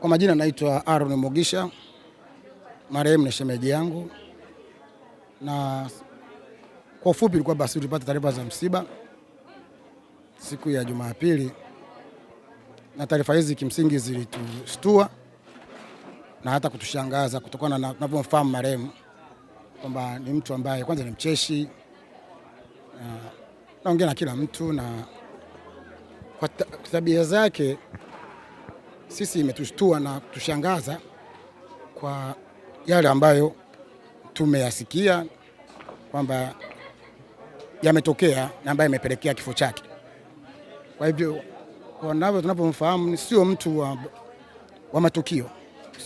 Kwa majina naitwa Aaron mogisha marehemu ni shemeji yangu, na kwa ufupi ilikuwa basi tulipata taarifa za msiba siku ya Jumapili, na taarifa hizi kimsingi zilitustua na hata kutushangaza kutokana na tunavyomfahamu marehemu kwamba ni mtu ambaye kwanza ni mcheshi, naongea na kila mtu na kwa tabia zake sisi imetushtua na kutushangaza kwa yale ambayo tumeyasikia kwamba yametokea na ambayo yamepelekea kifo chake. Kwa hivyo navyo tunapomfahamu sio mtu wa, wa matukio,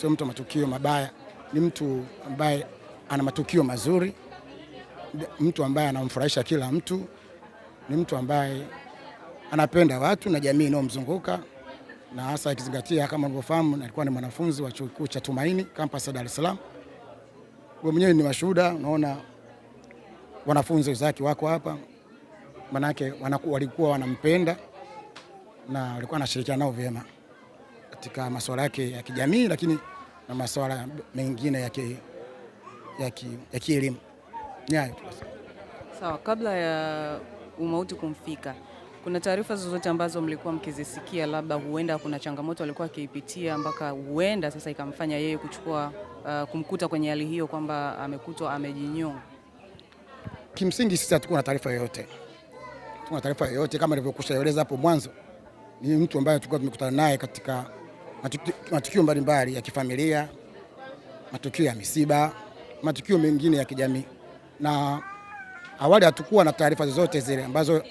sio mtu wa matukio mabaya, ni mtu ambaye ana matukio mazuri, mtu ambaye anamfurahisha kila mtu, ni mtu ambaye anapenda watu na jamii inayomzunguka na hasa ikizingatia kama unavyofahamu nilikuwa ni mwanafunzi wa chuo kikuu cha Tumaini kampasi ya Dar es Salaam. Wewe mwenyewe ni mashuhuda, unaona wanafunzi wenzake wako hapa, manake walikuwa wanampenda na walikuwa wanashirikiana nao vyema katika masuala yake ya kijamii, lakini na masuala mengine ya ya kielimu. Nyayo sawa, kabla ya umauti kumfika kuna taarifa zozote ambazo mlikuwa mkizisikia, labda huenda kuna changamoto alikuwa akiipitia mpaka huenda sasa ikamfanya yeye kuchukua uh, kumkuta kwenye hali hiyo kwamba amekutwa amejinyoa? Kimsingi sisi hatukuwa na taarifa yoyote, tuna taarifa yoyote kama eleza hapo mwanzo, ni mtu ambaye tulikuwa tumekutana naye katika matukio mbalimbali ya kifamilia, matukio ya misiba, matukio mengine ya kijamii, na awali hatukuwa na taarifa zozote zile ambazo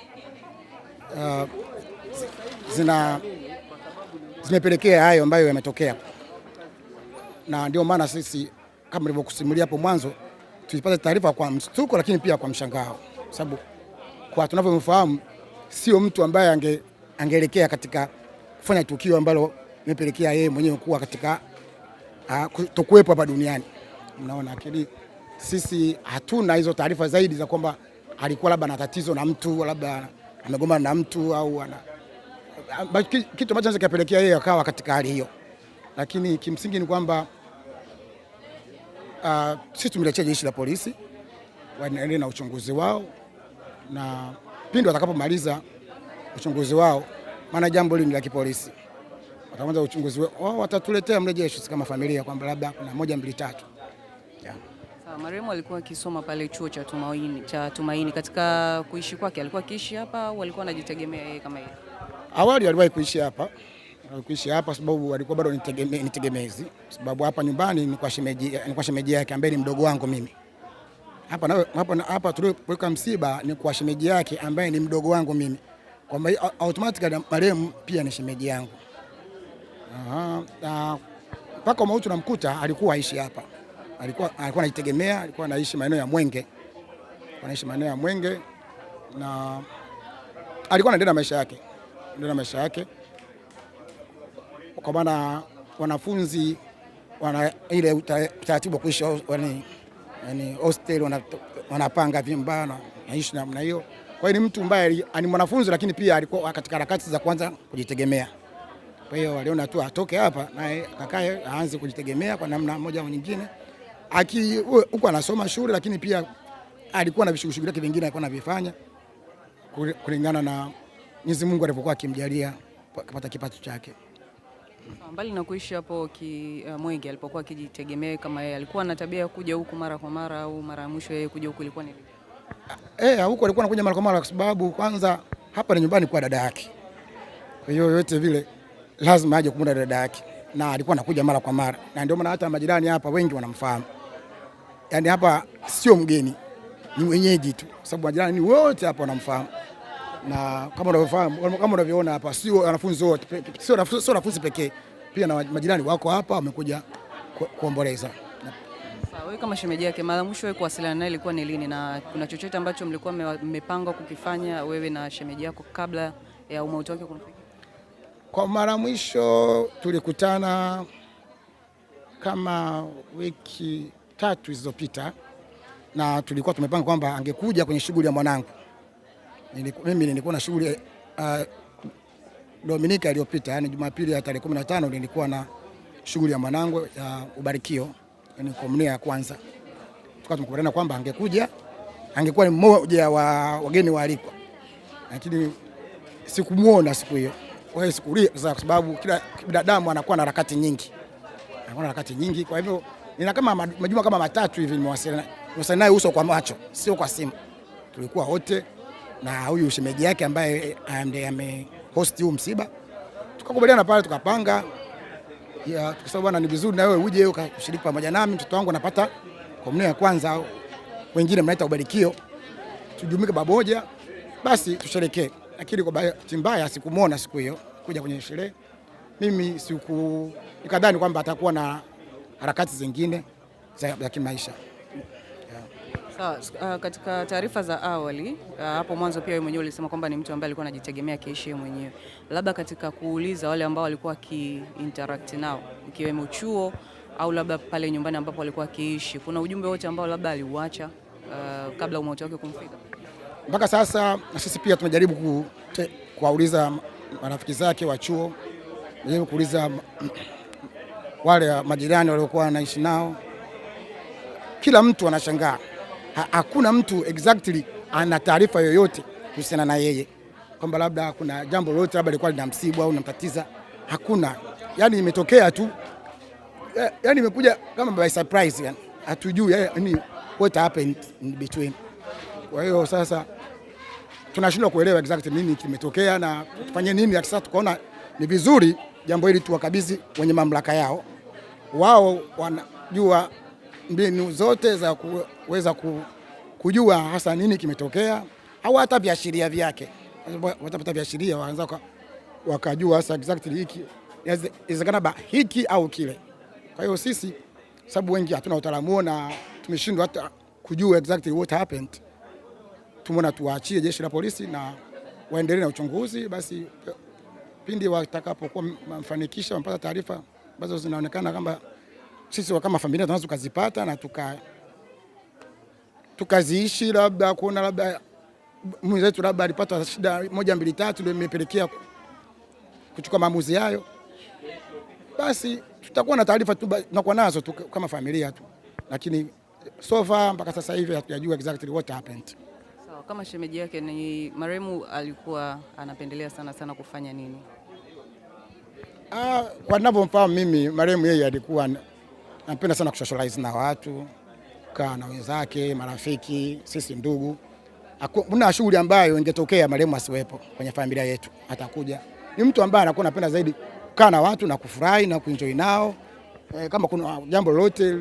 Uh, zina zimepelekea hayo ambayo yametokea, na ndio maana sisi kama nilivyokusimulia hapo mwanzo tulipata taarifa kwa mshtuko, lakini pia kwa mshangao, sababu kwa tunavyomfahamu sio mtu ambaye ange, angeelekea katika kufanya tukio ambalo limepelekea yeye mwenyewe kuwa katika uh, kutokuwepo hapa duniani. Mnaona, lakini sisi hatuna hizo taarifa zaidi za kwamba alikuwa labda na tatizo na mtu labda amegombana na mtu au ana kitu ambacho kikapelekea yeye akawa katika hali hiyo, lakini kimsingi ni kwamba uh, sisi tumeliachia jeshi la polisi waendelee na uchunguzi wao, na pindi watakapomaliza uchunguzi wao, maana jambo hili ni la kipolisi, wataanza uchunguzi wao, watatuletea mrejesho kama familia kwamba labda kuna moja mbili tatu Ah, marehemu alikuwa akisoma pale chuo cha Tumaini, cha Tumaini. Katika kuishi kwake alikuwa akiishi hapa au alikuwa anajitegemea yeye kama yeye? Awali aliwahi kuishi hapa, alikuishi hapa sababu alikuwa bado nitegemezi sababu hapa nyumbani ni kwa shemeji, ni kwa shemeji yake ambaye ni mdogo wangu mimi hapa na, hapa, na, hapa tulipoweka msiba ni kwa shemeji yake ambaye ni mdogo wangu mimi, kwa maana automatically marehemu pia ni shemeji yangu. Aha, mpaka mauti namkuta alikuwa aishi hapa alikuwa alikuwa anajitegemea, alikuwa anaishi maeneo ya Mwenge, anaishi maeneo ya Mwenge na alikuwa anaendelea maisha yake, anaendelea maisha yake kwa maana wanafunzi wana ile utaratibu wa kuishi yani hostel, wanapanga vyumba na naishi namna hiyo. Kwa hiyo ni mtu ambaye ni mwanafunzi, lakini pia alikuwa katika harakati za kwanza kujitegemea. Kwa hiyo waliona tu atoke hapa naye akakae aanze kujitegemea kwa namna moja au nyingine aki huko anasoma shule, lakini pia alikuwa na vishughuli vyake vingine alikuwa anavifanya kulingana na Mwenyezi Mungu alivyokuwa akimjalia kupata kipato chake. Mbali na kuishi hapo ki, uh, Mwenge alipokuwa akijitegemea kama yeye alikuwa na tabia ya kuja huku mara kwa mara au mara ya mwisho yeye kuja huku ilikuwa ni eh, eh, huko alikuwa anakuja mara kwa mara kwa sababu kwanza hapa ni nyumbani kwa dada yake. Kwa hiyo yote vile lazima aje kumuona dada yake na alikuwa anakuja mara kwa mara na ndio maana hata majirani hapa wengi wanamfahamu yani hapa sio mgeni, ni mwenyeji tu, sababu majirani wote hapa wanamfahamu na kama unavyofahamu, kama unavyoona hapa, sio wanafunzi wote, sio wanafunzi pekee, pia na majirani wako hapa wamekuja kuomboleza. Wewe kama shemeji yake, mara mwisho wewe kuwasiliana naye ilikuwa ni lini, na kuna chochote ambacho mlikuwa mmepangwa kukifanya wewe na shemeji yako kabla ya umauti wake kunafika? Kwa mara mwisho tulikutana kama wiki tatu zilizopita, na tulikuwa tumepanga kwamba angekuja kwenye shughuli ya mwanangu. Mimi nilikuwa na shughuli uh, Dominika iliyopita, yani Jumapili ya tarehe 15 nilikuwa na shughuli ya mwanangu ya ubarikio, yani komunia ya kwanza. Tukawa tumekubaliana kwamba angekuja, angekuwa ni mmoja wa wageni waalikwa, lakini sikumuona siku hiyo. Kwa hiyo sikulia, kwa sababu kila binadamu anakuwa na harakati nyingi, anakuwa na harakati nyingi, kwa hivyo nina kama majuma kama matatu hivi nimewasiliana naye uso kwa macho, sio kwa simu. Tulikuwa wote na huyu shemeji yake ambaye eh, ndiye amehost huu msiba, tukakubaliana pale, tukapanga ya tukasema, bwana, ni vizuri na wewe uje ukashiriki pamoja nami, mtoto wangu anapata komunio ya kwanza, wengine mnaita ubarikio, tujumike pamoja basi tusherekee. Lakini kwa bahati mbaya sikumuona siku hiyo kuja kwenye sherehe, mimi siku nikadhani kwamba atakuwa na harakati zingine za, za kimaisha uh, katika taarifa za awali uh, hapo mwanzo pia wewe mwenyewe ulisema kwamba ni mtu ambaye alikuwa anajitegemea kiishi yeye mwenyewe, labda katika kuuliza wale ambao walikuwa interact nao ikiwemo chuo au labda pale nyumbani ambapo walikuwa akiishi kuna ujumbe wote ambao labda aliuacha uh, kabla umauti wake kumfika? Mpaka sasa na sisi pia tumejaribu kuwauliza marafiki zake wa chuo, kuuliza wale majirani waliokuwa wanaishi nao. Kila mtu anashangaa, hakuna mtu exactly ana taarifa yoyote kuhusiana na yeye kwamba labda kuna jambo lolote labda lilikuwa lina msibu au linamtatiza. Hakuna, yani imetokea tu, yani imekuja kama by surprise, yani hatujui eh, yani what happened in between. Kwa hiyo sasa tunashindwa kuelewa exactly nini kimetokea na tufanye nini. Sasa tukaona ni vizuri jambo hili tuwakabidhi wenye mamlaka yao wao wanajua mbinu zote za kuweza kujua hasa nini kimetokea, au hata viashiria vyake. Watapata viashiria, waanza wakajua hasa exactly hiki inawezekana hiki au kile. Kwa hiyo sisi, sababu wengi hatuna utaalamu na tumeshindwa hata kujua exactly what happened, tumeona tuwaachie jeshi la polisi na waendelee na uchunguzi, basi pindi watakapokuwa mfanikisha wamepata taarifa ambazo zinaonekana kwamba sisi kama familia tunaweza tukazipata na tuka tukaziishi, labda kuona labda mwenzetu labda alipata shida moja mbili tatu, ndio imepelekea kuchukua maamuzi hayo, basi tutakuwa na taarifa tu tunakuwa nazo tu kama familia tu, lakini so far mpaka sasa hivi hatujajua exactly what happened. So, kama shemeji yake ni marehemu alikuwa anapendelea sana sana kufanya nini? Ah, kwa ninavyomfahamu mimi marehemu, yeye alikuwa napenda sana kusocialize na watu, kaa na wenzake, marafiki, sisi ndugu. Hakuna shughuli ambayo ingetokea marehemu asiwepo kwenye familia yetu, atakuja. Ni mtu ambaye anakuwa anapenda zaidi kukaa na watu na kufurahi na kuenjoy nao. E, kama kuna jambo lolote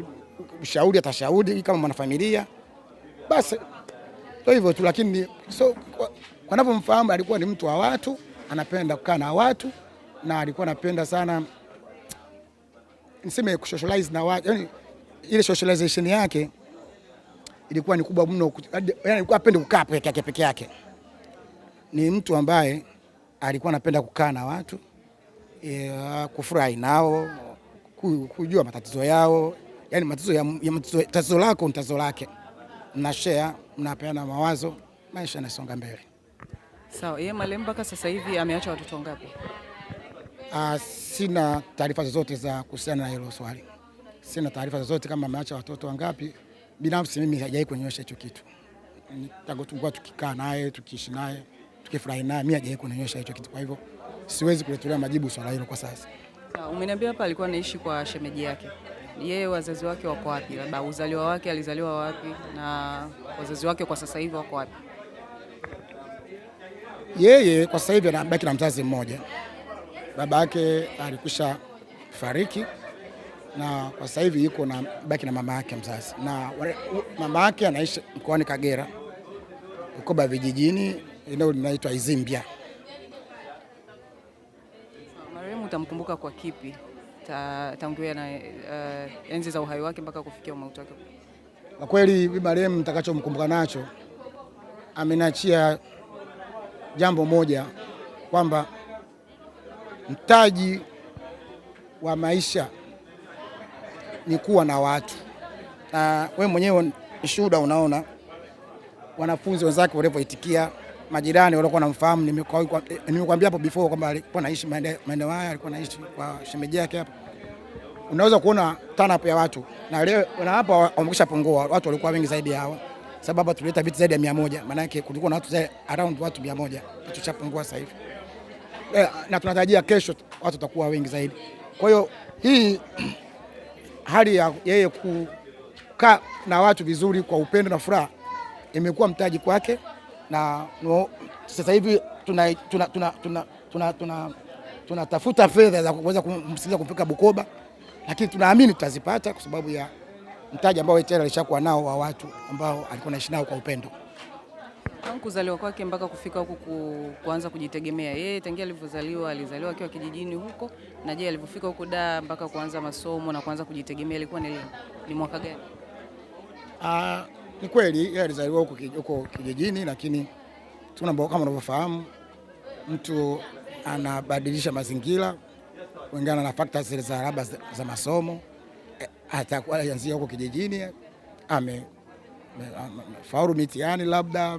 ushauri atashauri kama mwanafamilia, basi ndio hivyo tu, lakini so, kwa, kwa ninavyomfahamu alikuwa ni mtu wa watu, anapenda kukaa na watu na alikuwa anapenda sana niseme kusocialize na watu, yani ile socialization yake ilikuwa ni kubwa mno, yani alikuwa apende kukaa peke yake peke yake. Ni mtu ambaye alikuwa anapenda kukaa na watu kufurahi nao, kujua matatizo yao, yani matatizo ya, ya tatizo lako ni tatizo lake, mna share, mnapeana mawazo, maisha yanasonga mbele. Sawa, so, yeye Malemba mpaka sasa hivi ameacha watoto ngapi? Uh, sina taarifa zozote za kuhusiana na hilo swali. Sina taarifa zozote kama ameacha watoto wangapi. Binafsi mimi hajai kunionyesha hicho kitu. Tangu tukikaa naye, tukiishi naye, tukifurahi naye, mimi hajai kunionyesha hicho kitu. Kwa hivyo siwezi kuletolea majibu swala hilo kwa sasa. Umeniambia hapa alikuwa anaishi kwa shemeji yake. Yeye wazazi wake wako wapi? Labda uzaliwa wake alizaliwa wapi na wazazi wake kwa sasa hivi wako wapi? Yeye kwa sasa hivi anabaki na mzazi mmoja baba yake alikusha fariki na kwa sasa hivi yuko na baki na mama yake mzazi, na mama yake anaishi mkoani Kagera, Bukoba vijijini, eneo linaitwa Izimbia. Marehemu utamkumbuka kwa kipi ta, tangia na uh, enzi za uhai wake mpaka kufikia mauti wake? Kwa kweli marehemu mtakachomkumbuka nacho, ameniachia jambo moja kwamba Mtaji wa maisha ni kuwa na watu, na we mwenyewe shuhuda, unaona wanafunzi wenzake walivyoitikia, majirani walikuwa wanamfahamu. Nimekwambia hapo before kwamba alikuwa naishi maeneo haya, alikuwa naishi kwa shemeji yake hapo. Unaweza kuona turn ya watu, na leo na hapa wamekisha pungua, watu walikuwa wengi zaidi hawa sababu tulileta viti zaidi ya mia moja, maanake kulikuwa na watu around watu mia moja, kitu chapungua sasa hivi eh, na tunatarajia kesho watu watakuwa wengi zaidi. Kwa hiyo hii hali ya yeye kukaa na watu vizuri kwa upendo na furaha imekuwa mtaji kwake, na no, sasa hivi tunatafuta tuna, tuna, tuna, tuna, tuna, tuna, tuna fedha za kuweza kumsikiliza kumpeleka Bukoba, lakini tunaamini tutazipata kwa sababu ya mtaji ambao tayari alishakuwa nao wa watu ambao alikuwa anaishi nao kwa upendo. Tangu kuzaliwa kwake mpaka kufika huku ku, kuanza kujitegemea yeye, tangia alivyozaliwa alizaliwa akiwa kijijini huko, na je, alivyofika huko da mpaka kuanza masomo na kuanza kujitegemea ilikuwa ni, ni mwaka gani? Ah, ni kweli yeye alizaliwa huko huko kijijini, lakini tunambo kama unavyofahamu mtu anabadilisha mazingira kulingana na factors za labda za masomo, eh, atakuwa anzia huko kijijini ame faulu mitihani, labda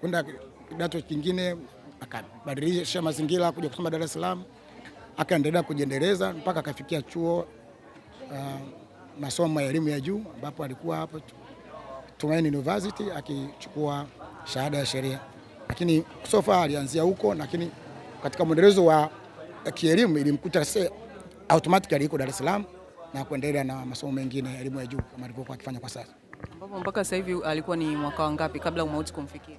kwenda kidato kingine, akabadilisha mazingira kuja kusoma Dar es Salaam, akaendelea kujiendeleza mpaka akafikia chuo uh, masomo ya elimu ya juu ambapo alikuwa hapo Tumaini University akichukua shahada ya sheria, lakini sofa alianzia huko, lakini katika mwendelezo wa kielimu ilimkuta se automatically iko Dar es Salaam na kuendelea na masomo mengine ya elimu ya juu kama alivyokuwa akifanya kwa sasa ambapo mpaka sasa hivi alikuwa ni mwaka wangapi kabla umauti kumfikia?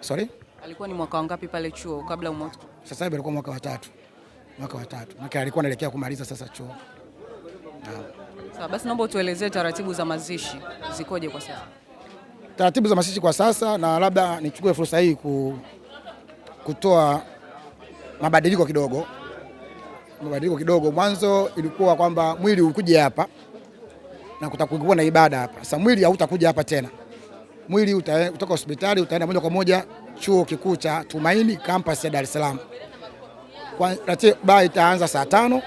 Sorry? Alikuwa ni mwaka wangapi pale chuo kabla umauti? Sasa hivi alikuwa mwaka wa tatu. Mwaka wa tatu. Maana alikuwa anaelekea kumaliza sasa chuo. Sawa, basi naomba utuelezee taratibu za mazishi zikoje kwa sasa? Taratibu za mazishi kwa sasa, na labda nichukue fursa hii ku, kutoa mabadiliko kidogo, mabadiliko kidogo. Mwanzo ilikuwa kwamba mwili ukuje hapa na kutakuwa na ibada hapa. Sasa mwili hautakuja hapa tena, mwili utatoka hospitali utaenda moja kwa moja chuo kikuu cha Tumaini campus ya Dar es Salaam. Kwa Ratiba itaanza saa tano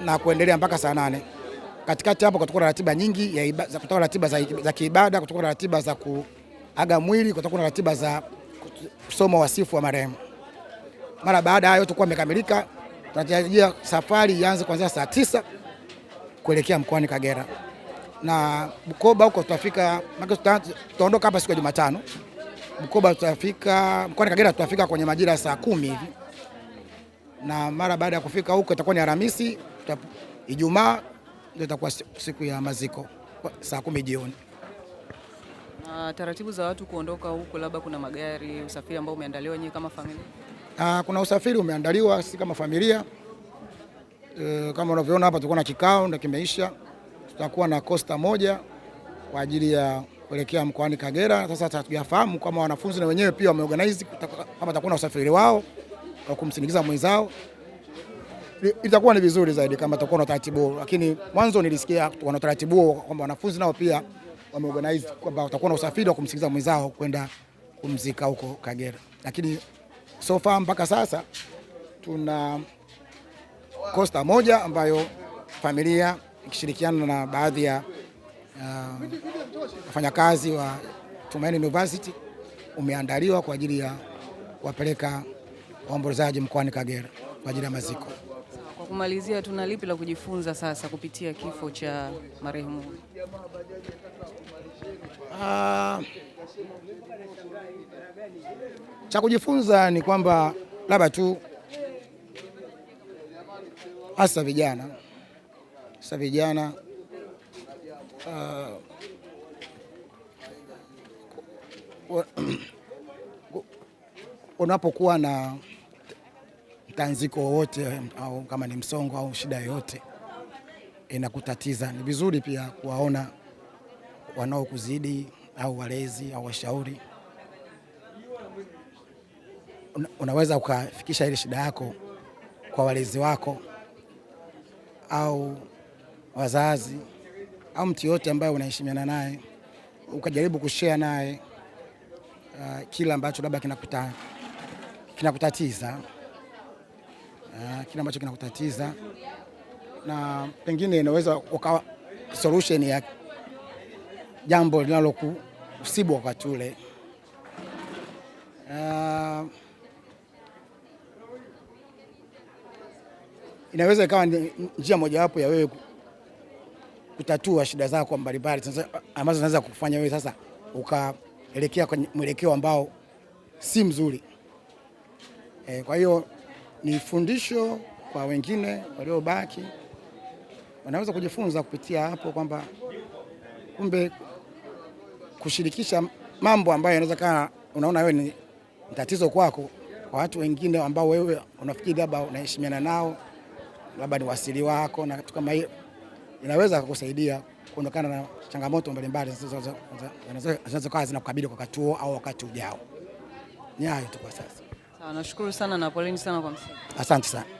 na kuendelea mpaka saa nane. Katikati hapo kutakuwa na ratiba nyingi ya ibada, kutakuwa na ratiba za, za kiibada, kutakuwa na ratiba za kuaga mwili, kutakuwa na ratiba za kusoma wasifu wa marehemu. Mara baada ya hayo yote kuwa imekamilika, tunatarajia safari ianze kuanzia saa tisa kuelekea mkoani Kagera na Bukoba huko tutafika, tutaondoka hapa siku ya Jumatano. Bukoba tutafika, mkoani Kagera tutafika kwenye majira ya saa kumi hivi, na mara baada ya kufika huko itakuwa ni Alhamisi, Ijumaa ndio itakuwa siku ya maziko saa kumi jioni. Na taratibu za watu kuondoka huko, labda kuna magari, usafiri ambao umeandaliwa nyinyi kama familia? Aa, ah, kuna usafiri umeandaliwa si kama familia e, kama unavyoona hapa tulikuwa na kikao ndio kimeisha tutakuwa na kosta moja kwa ajili ya kuelekea mkoani Kagera. Sasa hatujafahamu kama wanafunzi na wenyewe pia wameorganize kama takuwa na usafiri wao wa kumsindikiza mwenzao, itakuwa ni vizuri zaidi kama takuwa na utaratibu, lakini mwanzo nilisikia wana utaratibu kwamba wanafunzi nao pia wameorganize kwamba watakuwa na usafiri wa kumsindikiza mwenzao kwenda kumzika huko Kagera, lakini so far mpaka sasa tuna kosta moja ambayo familia ikishirikiana na baadhi ya wafanyakazi uh, wa Tumaini University umeandaliwa kwa ajili ya kuwapeleka waombolezaji mkoani Kagera kwa ajili ya maziko. Kwa kumalizia, tuna lipi la kujifunza sasa kupitia kifo cha marehemu? Uh, cha kujifunza ni kwamba labda tu hasa vijana sasa vijana uh, unapokuwa na mtanziko wowote au kama ni msongo au shida yoyote inakutatiza, ni vizuri pia kuwaona wanaokuzidi au walezi au washauri. Unaweza ukafikisha ile shida yako kwa walezi wako au wazazi au mtu yoyote ambaye unaheshimiana naye ukajaribu kushare naye uh, kila ambacho labda kinakuta kinakutatiza uh, kila ambacho kinakutatiza na pengine inaweza ukawa solution ya jambo linalokusibu wakati ule. Uh, inaweza ikawa njia mojawapo ya wewe kutatua shida zako mbalimbali ambazo zinaweza kufanya wewe sasa ukaelekea kwenye mwelekeo ambao si mzuri. E, kwa hiyo ni fundisho kwa wengine waliobaki, wanaweza kujifunza kupitia hapo kwamba kumbe kushirikisha mambo ambayo yanaweza kana unaona wewe ni tatizo kwako kwa watu wengine ambao wewe unafikiri labda unaheshimiana nao labda ni wasili wako na kitu kama hiyo inaweza kukusaidia kuondokana na changamoto mbalimbali zinazokaa zinakukabili kwa wakati huo au wakati ujao. Ni hayo tu kwa sasa. Sawa, nashukuru sana na poleni sana kwa msingi. Asante sana.